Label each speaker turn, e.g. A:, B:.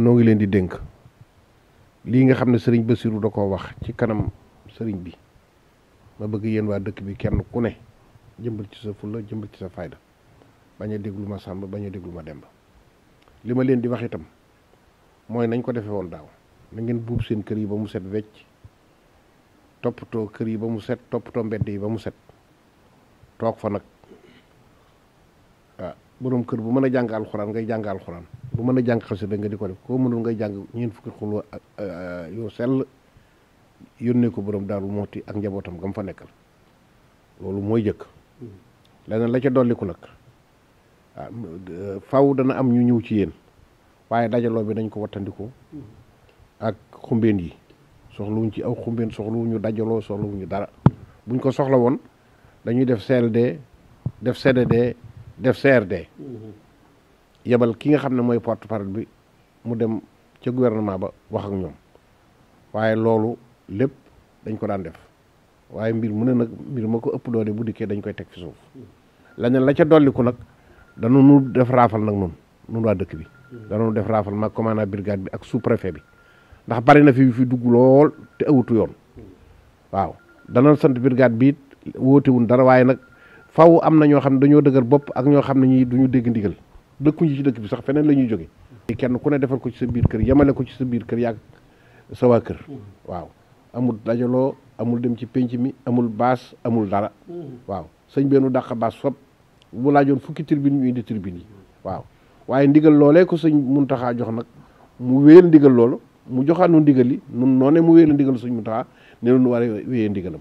A: noo ngi leen di dénk lii nga xam ne sëriñ ba Basiru da koo wax ci kanam sëriñ bi ma bëgg yéen waa dëkk bi kenn ku ne jëmbal ci sa fulla jëmbal ci sa fayda bañ déglu ma sàmb bañ a déglu ma demb li ma leen di wax itam mooy nañ ko defee woon daaw na ngeen buub seen kër yi ba mu set wecc toppatoo kër yi ba mu set toppatoo mbedd yi ba mu set toog fa nag ah boroom kër bu mën a jàng alxuraan ngay jàng alxuraan bu mën a jàng xasida nga di ko def koo mënul ngay jàng ñeent fukki xulwa ak euh, yu sell yónnee ko borom daaru mooti ak njabootam gam fa nekkal loolu mooy jëkk leneen la ca dolliku nag ah, faw dana am ñu ñëw ci yéen waaye dajaloo bi dañ ko wattandiku ak xumbeen yi soxlawuñ ci aw xumbeen soxlawuñu dajaloo soxlawuñu dara buñ ko soxla woon dañuy def CLD def CDD def CRD yebal ki nga xam ne mooy porte parole bi mu dem ca gouvernement ba wax ak ñoom waaye loolu lépp dañ ko daan def waaye mbir mu ne nag mbir ma ko ëpp doole bu dikkee dañ koy teg fi suuf leneen la ca dolliku nag danu nu def raafal nag nun nun waa dëkk bi danu def raafal ma commandant brigade bi ak sous préfet bi ndax bari na fi fi dugg lool te awutu yoon waaw dana sant brigade bi it wóotewun dara waaye nag faw am na ñoo xam ne dañoo dëgër bopp ak ñoo xam ne ñii duñu dégg dëkku ñu ci dëkk bi sax feneen la ñuy jóge kenn ku ne defal ko ci sa biir kër yemale ko ci sa biir kër yàgg sa waa kër waaw amul dajaloo amul dem ci penc mi amul baas amul dara waaw sëñ bennu dàq baas sob bu laajoon fukki tribune ñu di tribune yi waaw waaye ndigal loolee ko sëñ mun Muntaxa jox nag mu wéyal ndigal loolu mu joxaanu nu ndigal li nun noo ne mu wéyal ndigal sëñ Muntaxa ne nu war a wéyee ndigalam